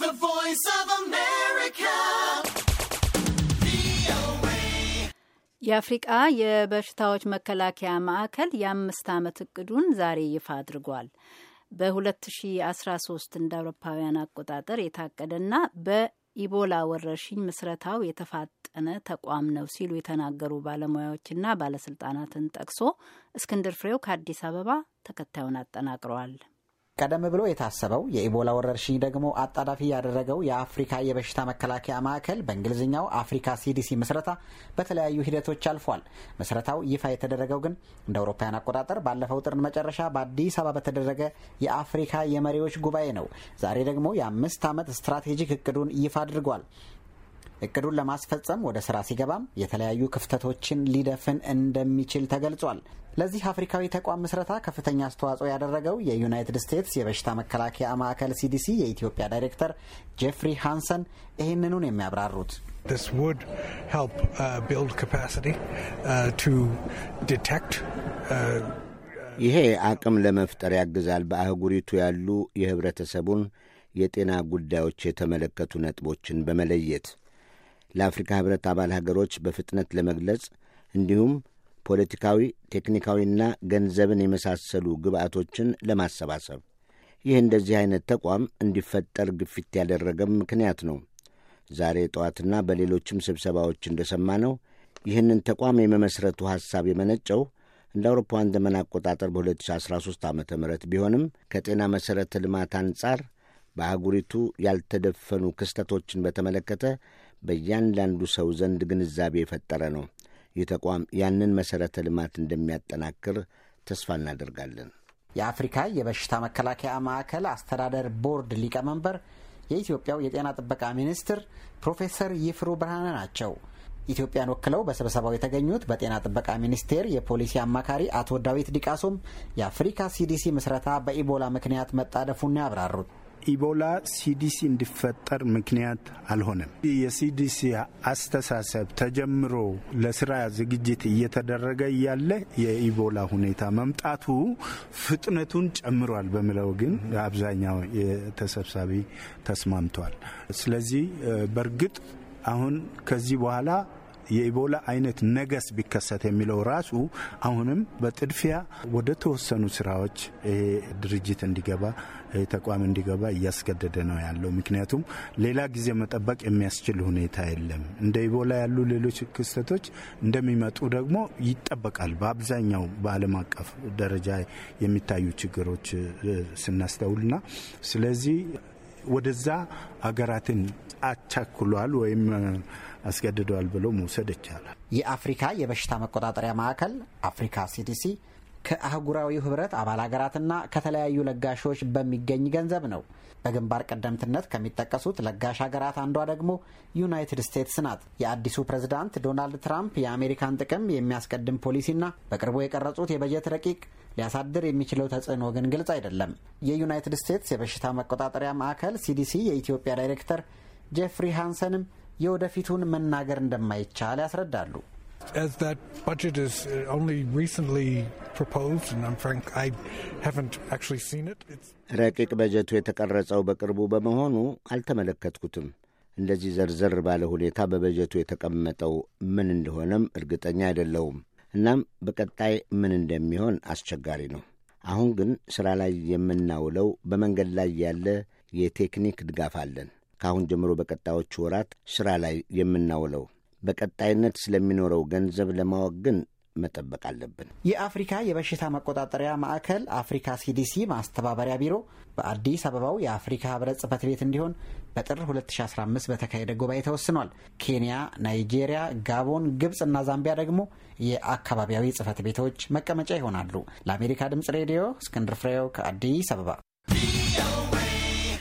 The Voice of America. የአፍሪቃ የበሽታዎች መከላከያ ማዕከል የአምስት ዓመት እቅዱን ዛሬ ይፋ አድርጓል። በ2013 እንደ አውሮፓውያን አቆጣጠር የታቀደና በኢቦላ ወረርሽኝ ምስረታው የተፋጠነ ተቋም ነው ሲሉ የተናገሩ ባለሙያዎችና ባለስልጣናትን ጠቅሶ እስክንድር ፍሬው ከአዲስ አበባ ተከታዩን አጠናቅረዋል። ቀደም ብሎ የታሰበው የኢቦላ ወረርሽኝ ደግሞ አጣዳፊ ያደረገው የአፍሪካ የበሽታ መከላከያ ማዕከል በእንግሊዝኛው አፍሪካ ሲዲሲ ምስረታ በተለያዩ ሂደቶች አልፏል። ምስረታው ይፋ የተደረገው ግን እንደ አውሮፓውያን አቆጣጠር ባለፈው ጥርን መጨረሻ በአዲስ አበባ በተደረገ የአፍሪካ የመሪዎች ጉባኤ ነው። ዛሬ ደግሞ የአምስት ዓመት ስትራቴጂክ እቅዱን ይፋ አድርጓል። እቅዱን ለማስፈጸም ወደ ስራ ሲገባም የተለያዩ ክፍተቶችን ሊደፍን እንደሚችል ተገልጿል። ለዚህ አፍሪካዊ ተቋም ምስረታ ከፍተኛ አስተዋጽኦ ያደረገው የዩናይትድ ስቴትስ የበሽታ መከላከያ ማዕከል ሲዲሲ የኢትዮጵያ ዳይሬክተር ጄፍሪ ሃንሰን ይህንኑን የሚያብራሩት This would help uh, build capacity uh, to detect uh, ይሄ አቅም ለመፍጠር ያግዛል። በአህጉሪቱ ያሉ የህብረተሰቡን የጤና ጉዳዮች የተመለከቱ ነጥቦችን በመለየት ለአፍሪካ ህብረት አባል ሀገሮች በፍጥነት ለመግለጽ እንዲሁም ፖለቲካዊ፣ ቴክኒካዊና ገንዘብን የመሳሰሉ ግብአቶችን ለማሰባሰብ ይህ እንደዚህ አይነት ተቋም እንዲፈጠር ግፊት ያደረገም ምክንያት ነው። ዛሬ ጠዋትና በሌሎችም ስብሰባዎች እንደሰማነው ይህንን ተቋም የመመስረቱ ሐሳብ የመነጨው እንደ አውሮፓውያን ዘመን አቆጣጠር በ2013 ዓ ም ቢሆንም ከጤና መሠረተ ልማት አንጻር በአህጉሪቱ ያልተደፈኑ ክስተቶችን በተመለከተ በእያንዳንዱ ሰው ዘንድ ግንዛቤ የፈጠረ ነው። ይህ ተቋም ያንን መሠረተ ልማት እንደሚያጠናክር ተስፋ እናደርጋለን። የአፍሪካ የበሽታ መከላከያ ማዕከል አስተዳደር ቦርድ ሊቀመንበር የኢትዮጵያው የጤና ጥበቃ ሚኒስትር ፕሮፌሰር ይፍሩ ብርሃነ ናቸው። ኢትዮጵያን ወክለው በስብሰባው የተገኙት በጤና ጥበቃ ሚኒስቴር የፖሊሲ አማካሪ አቶ ዳዊት ዲቃሶም የአፍሪካ ሲዲሲ ምስረታ በኢቦላ ምክንያት መጣደፉን ያብራሩት ኢቦላ ሲዲሲ እንዲፈጠር ምክንያት አልሆነም። የሲዲሲ አስተሳሰብ ተጀምሮ ለስራ ዝግጅት እየተደረገ እያለ የኢቦላ ሁኔታ መምጣቱ ፍጥነቱን ጨምሯል በሚለው ግን አብዛኛው የተሰብሳቢ ተስማምቷል። ስለዚህ በእርግጥ አሁን ከዚህ በኋላ የኢቦላ አይነት ነገስ ቢከሰት የሚለው ራሱ አሁንም በጥድፊያ ወደ ተወሰኑ ስራዎች ድርጅት እንዲገባ ተቋም እንዲገባ እያስገደደ ነው ያለው። ምክንያቱም ሌላ ጊዜ መጠበቅ የሚያስችል ሁኔታ የለም። እንደ ኢቦላ ያሉ ሌሎች ክስተቶች እንደሚመጡ ደግሞ ይጠበቃል። በአብዛኛው በዓለም አቀፍ ደረጃ የሚታዩ ችግሮች ስናስተውልና ስለዚህ ወደዛ አገራትን አቻክሏል ወይም አስገድደዋል ብሎ መውሰድ ይቻላል። የአፍሪካ የበሽታ መቆጣጠሪያ ማዕከል አፍሪካ ሲዲሲ ከአህጉራዊው ህብረት አባል ሀገራትና ከተለያዩ ለጋሾች በሚገኝ ገንዘብ ነው። በግንባር ቀደምትነት ከሚጠቀሱት ለጋሽ ሀገራት አንዷ ደግሞ ዩናይትድ ስቴትስ ናት። የአዲሱ ፕሬዝዳንት ዶናልድ ትራምፕ የአሜሪካን ጥቅም የሚያስቀድም ፖሊሲና በቅርቡ የቀረጹት የበጀት ረቂቅ ሊያሳድር የሚችለው ተጽዕኖ ግን ግልጽ አይደለም። የዩናይትድ ስቴትስ የበሽታ መቆጣጠሪያ ማዕከል ሲዲሲ የኢትዮጵያ ዳይሬክተር ጄፍሪ ሃንሰንም የወደፊቱን መናገር እንደማይቻል ያስረዳሉ። as that budget is uh, only recently proposed, and I'm frank, I haven't actually seen it. ረቂቅ በጀቱ የተቀረጸው በቅርቡ በመሆኑ አልተመለከትኩትም። እንደዚህ ዘርዘር ባለ ሁኔታ በበጀቱ የተቀመጠው ምን እንደሆነም እርግጠኛ አይደለሁም። እናም በቀጣይ ምን እንደሚሆን አስቸጋሪ ነው። አሁን ግን ሥራ ላይ የምናውለው በመንገድ ላይ ያለ የቴክኒክ ድጋፍ አለን። ከአሁን ጀምሮ በቀጣዮቹ ወራት ሥራ ላይ የምናውለው በቀጣይነት ስለሚኖረው ገንዘብ ለማወቅ ግን መጠበቅ አለብን። የአፍሪካ የበሽታ መቆጣጠሪያ ማዕከል አፍሪካ ሲዲሲ ማስተባበሪያ ቢሮ በአዲስ አበባው የአፍሪካ ህብረት ጽህፈት ቤት እንዲሆን በጥር 2015 በተካሄደ ጉባኤ ተወስኗል። ኬንያ፣ ናይጄሪያ፣ ጋቦን፣ ግብፅ እና ዛምቢያ ደግሞ የአካባቢያዊ ጽህፈት ቤቶች መቀመጫ ይሆናሉ። ለአሜሪካ ድምጽ ሬዲዮ እስክንድር ፍሬው ከአዲስ አበባ